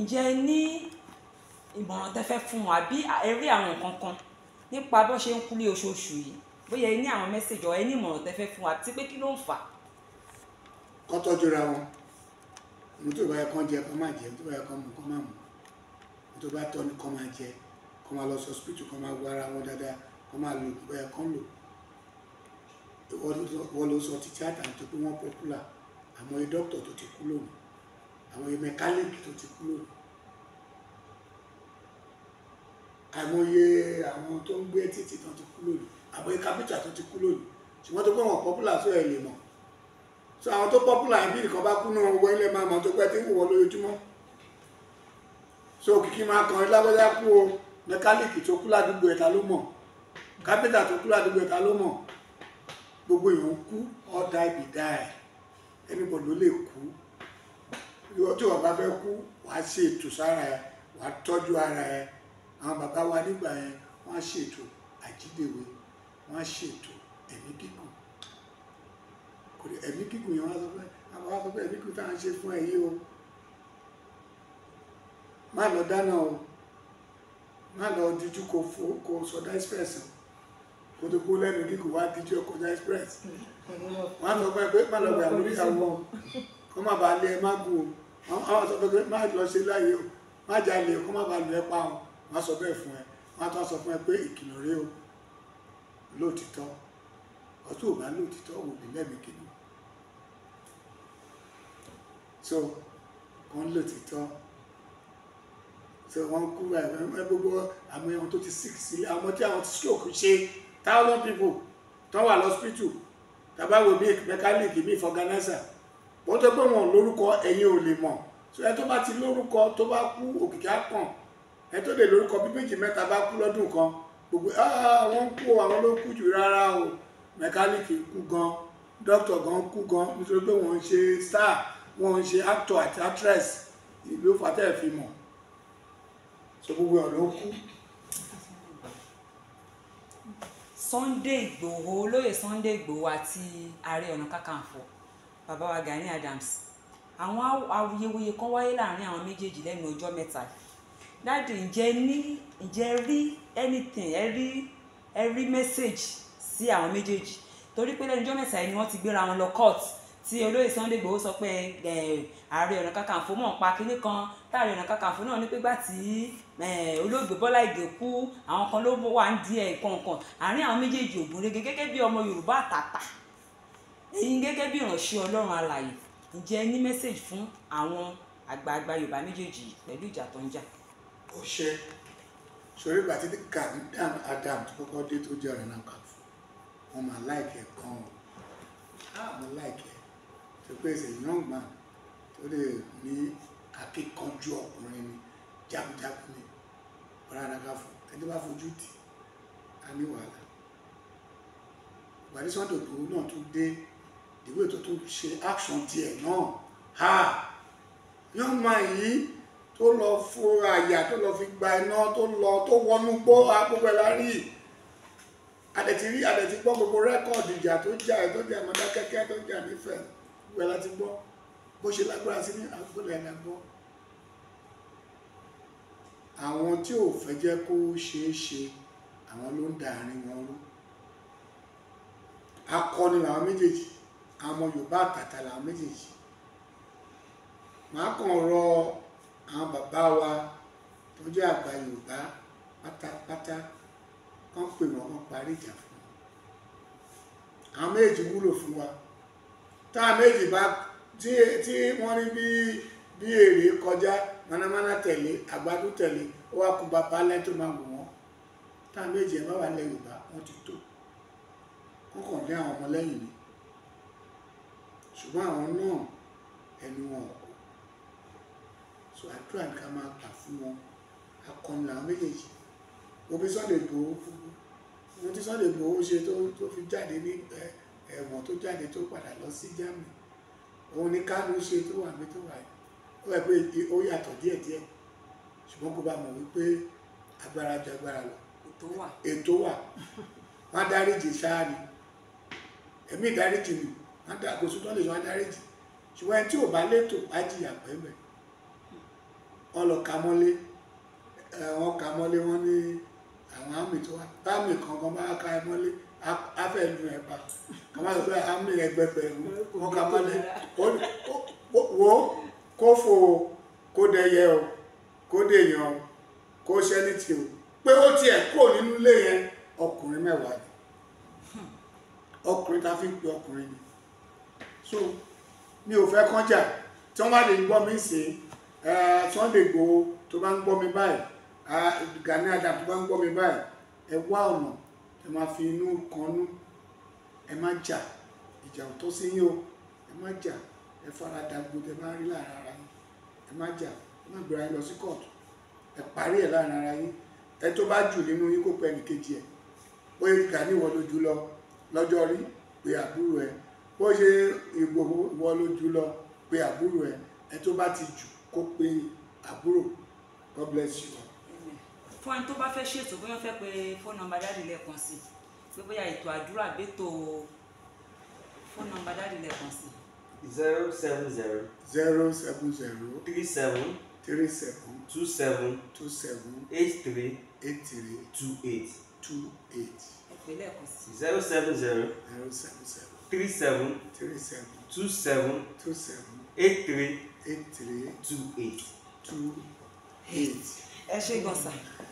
ǹjẹ́ ẹ ní ìmọ̀ràn tẹ́ fẹ́ fún wọn àbí ẹ rí àwọn nǹkan kan nípa bó ṣe ń kúlé oṣooṣù yìí bóyá ẹ ní àwọn mẹ́sẹ̀jì ọ̀ ẹ ní ìmọ̀ràn tẹ́ fẹ́ fún wọn àti pé kí ló ń fà. kọ́ tọ́jú ra wọn mo tó bá yẹ kán jẹ kán máa jẹ mo tó bá yẹ kán mu kán máa mu mo tó bá tọ́ ni kán máa jẹ kán máa lọ sọ spiritu kán máa wo ara wọn dáadáa kán máa lò bó yẹ kán lò wọ́n ló sọ ti tíátà tó pé wọ́n pọ́pùlà àmọ́ ẹ dókítà tó ti kú lónìí àwọn mẹkáníìkì tó ti kúrò àìmọye àwọn tó ń gbé títì tó ti kúrò ní àbọ̀yé kápítà tó ti kúrò ní ṣùgbọ́n tó pé wọn pọ́pùlà tó ẹ̀ lè mọ̀ so àwọn tó pọ́pùlà yẹn bí nìkan bá kú náà wọ ilé máa mọ̀ tó pẹ́ tí ń wọ̀ lójoojúmọ́ so kìkì máa kàn lágbájá kú o mẹkáníìkì tó kú ládùúgbò ẹ̀ta ló mọ̀ kápítà tó kú ládùúgbò ẹ̀ta ló mọ̀ gbogbo èèyàn kú all die be die everybody ló lè kú ìwọ tí wọn bá fẹ́ kú wàá ṣe ètò sára ẹ wàá tọ́jú ara ẹ àwọn bàbá wa nígbà yẹn wọ́n á ṣètò àjídèwe wọ́n á ṣètò ẹ̀mí gígùn kò dé ẹ̀mí gígùn yẹn wọ́n sọ pé àwọn wá sọ pé ẹ̀mí gígùn táwọn ṣe fún ẹ̀yí o má lọ dáná o má lọ díjú kò fò kò sọdá express kò lẹ́nu gígùn wá díjú ọkọjá express mm. wọ́n sọ pé má lọ gbà lórí àwọn kó má bàa lé ẹ má gùn o àwọn sọ pé má lọ ṣe láyé o má jalè kó má ba lù ẹ́ pa o wọ́n sọ bẹ́ẹ̀ fún ẹ wọ́n tún sọ fún ẹ pé ìkìlọ̀ rẹ o lóòtítọ́ ọtún ò bá lóòtítọ́ wò ní lẹ́mìí kìnnì so wọ́n lóòtítọ́ so wọ́n kú ẹ gbogbo àwọn ẹ̀wọ̀n tó ti sick sílé àwọn tí àwọn stroke ṣe thousand people tó wà lọ́spítù tàbá wo bí mẹkáníìkì bí fọgánásà wọ́n jẹ́ pé wọn ò lórúkọ ẹ̀yin ò lè mọ̀ so ẹ tó bá ti lórúkọ tó bá kú òkìkí á kàn ẹ tó lè lórúkọ bí méjì mẹ́ta bá kú lọ́dún kan gbogbo àwọn ah, kú àwọn ló kú jù rárá o mẹkáníìkì kú gan dókítà gan kú gan nítorí pé wọ́n ń ṣe star wọ́n ń ṣe actor àti actress ìlú fatẹ́ fi mọ̀ so gbogbo ẹ̀ ló kú. Sunday Igboho olóyè Sunday Igboho àti ààrẹ ọ̀nà kakanfò bàbá wa Gani Adams àwọn awuyewuye kan wáyé láàrin àwọn méjèèjì lẹ́nu ọjọ́ mẹ́ta dáàdì ǹjẹ́ ní ǹjẹ́ rí anything ẹ rí ẹ rí message sí àwọn méjèèjì torí pé lẹ́nu ọjọ́ mẹ́ta yìí ni wọ́n ti gbéra wọn lọ court tí olóyè Sunday Igboho sọ pé ààrẹ ọ̀nà kakanfò mọ̀ pa kínní kan táàrẹ ọ̀nà kakanfò náà ní pé gbà tí olóògbé Bọ́lá Ìgè kú àwọn kan ló wà ń di ẹ̀ kọ̀ọ̀kan àárín àwọn méjèèjì ògùn rege gẹ́gẹ́ bí ọmọ Yorùbá àtàtà ẹ̀yin gẹ́gẹ́ bí ìránṣẹ́ ọlọ́run alààyè ǹjẹ́ ẹ ní mẹ́sẹ̀jì fún àwọn àgbààgbà yorùbá méjèèjì pẹ̀lú ìjà tó ń jà. ó ṣe sórí ìgbà títí kàní dan adam tó kọ́kọ́ dé tó jẹ́ ọ̀rẹ́ náà kà fún wọn máa láìkẹ́ gan o àwọn láìkẹ́ tó pé ṣe young tó lè ní akíkanjú ọkùnrin ni jagunjagun ni ọ̀rẹ́ àdàkà fún ẹni bá fojú tì á ní wàhálà ìgbàdí sọ́dọ̀ tó náà tún dé ìwé ètò tó ṣe action díẹ̀ náà ha yóò máa yìí tó lọ fúnra àyà tó lọ fi gba iná tó lọ tó wọnú gbọ́ agbègbè lárí àdẹ̀tí rí àdẹ̀tí gbọ́ gbogbo rẹ́kọ̀dì ìjà tó jà tó jà Mọdákẹ́kẹ́ tó jà nífẹ̀ẹ́ gbogbo láti gbọ́ bó ṣe lágbára sí ní àgbọ̀lẹ̀ ẹ̀ gbọ́ àwọn tí ò fẹ́ jẹ́ kó ṣeé ṣe àwọn ló ń da àárín wọn rú akọni làwọn méjèèjì àwọn Yorùbá àtàtà làwọn méjèèjì màá kàn rọ àwọn bàbá wa tó jẹ́ àgbà Yorùbá pátápátá kán pè wọ́n kán parí ìjà fún wọn àwọn méjèèjì wúlò fún wa tá a méjì bá tí wọ́n ní bí bí èrè kọjá manamana tẹ̀lé àgbàdo tẹ̀lé ó wá kú bàbá alẹ́ máa wù wọ́n tá a méjì bá wà lẹ́yìn Yorùbá wọ́n ti tó kọ́kànlé àwọn ọmọ lẹ́yìn mi ṣùgbọ́n àwọn náà ẹnu wọn kò so àdúrà nǹkan máa gbà fún wọn akọni làwọn méjèèjì òbí Sunday Igboho mo ti Sunday Igboho ṣe tó fi jáde ní ẹ̀wọ̀n tó jáde tó padà lọ sí Germany òun ni Kánú ṣe tó wà mí tó wà yìí ó yẹ pé ó yàtọ̀ díẹ̀díẹ̀ ṣùgbọ́n kó bá mọ̀ wípé agbára ju agbára lọ ètò wà wọ́n á dáríjì sáà ni ẹ̀mí ìdáríjì nìyí àdàgòsù tó lè yan adáríjì ṣùgbọ́n ẹni tí ò bá létò á jìyà pẹ́ẹ́mẹ́ ọlọ́kàmọ́lé wọ́n kà mọ́lé wọ́n ní àwọn àmì tó wà táàmì kankan bá ká ẹ mọ́lé á fẹ́ lu ẹ pa kàmá sọ pé àmì ẹgbẹgbẹ wọ́n kà mọ́lé wo kó fò kó dẹyẹ o kó dèèyàn o kó ṣẹ́ni tì o pé ó tiẹ̀ kúrò nínú ilé yẹn ọkùnrin mẹ́wàá ni ọkùnrin ta fi pe ọkùnrin ni so mi ò fẹ́ kánjà tí wọ́n bá lè gbọ́ mi sí Sunday Igboho tó bá ń gbọ́ mi báyìí Gani Adams tó bá ń gbọ́ mi báyìí ẹ wá ọ̀nà ẹ máa fi inú kanú ẹ má jà ìjà ò tó sí yín o ẹ má jà ẹ fara dàgbò tẹ bá ń rí lára ara yín ẹ má jà ẹ má gbéra yín lọ sí kóòtù ẹ parí ẹ lára ara yín ẹ tó bá jù nínú yín kó pẹ́ nìkejì ẹ bóyá Gani wọ́n lójú lọ lọ́jọ́ rí pé àbúrò ẹ bó ṣe Ìgbòho ìwọ ló jù lọ pé àbúrò ẹ ẹ tó bá ti jù kó pe àbúrò God bless you. fún ẹni tó bá fẹ́ ṣètò bóyá fẹ́ pe fóònù nọ́mbà dáàdì lẹ́ẹ̀kan sí pé bóyá ètò àdúrà àbẹ́tò fóònù nọ́mbà dáàdì lẹ́ẹ̀kan sí. zero seven zero. zero seven zero. three seven. three seven. two seven. two seven. eight three. eight three. two eight. two eight. ẹ pè lẹ́ẹ̀kan sí. zero seven zero. zero seven zero three seven three seven two seven two seven eight three eight three two eight two eight. ẹ ṣe gan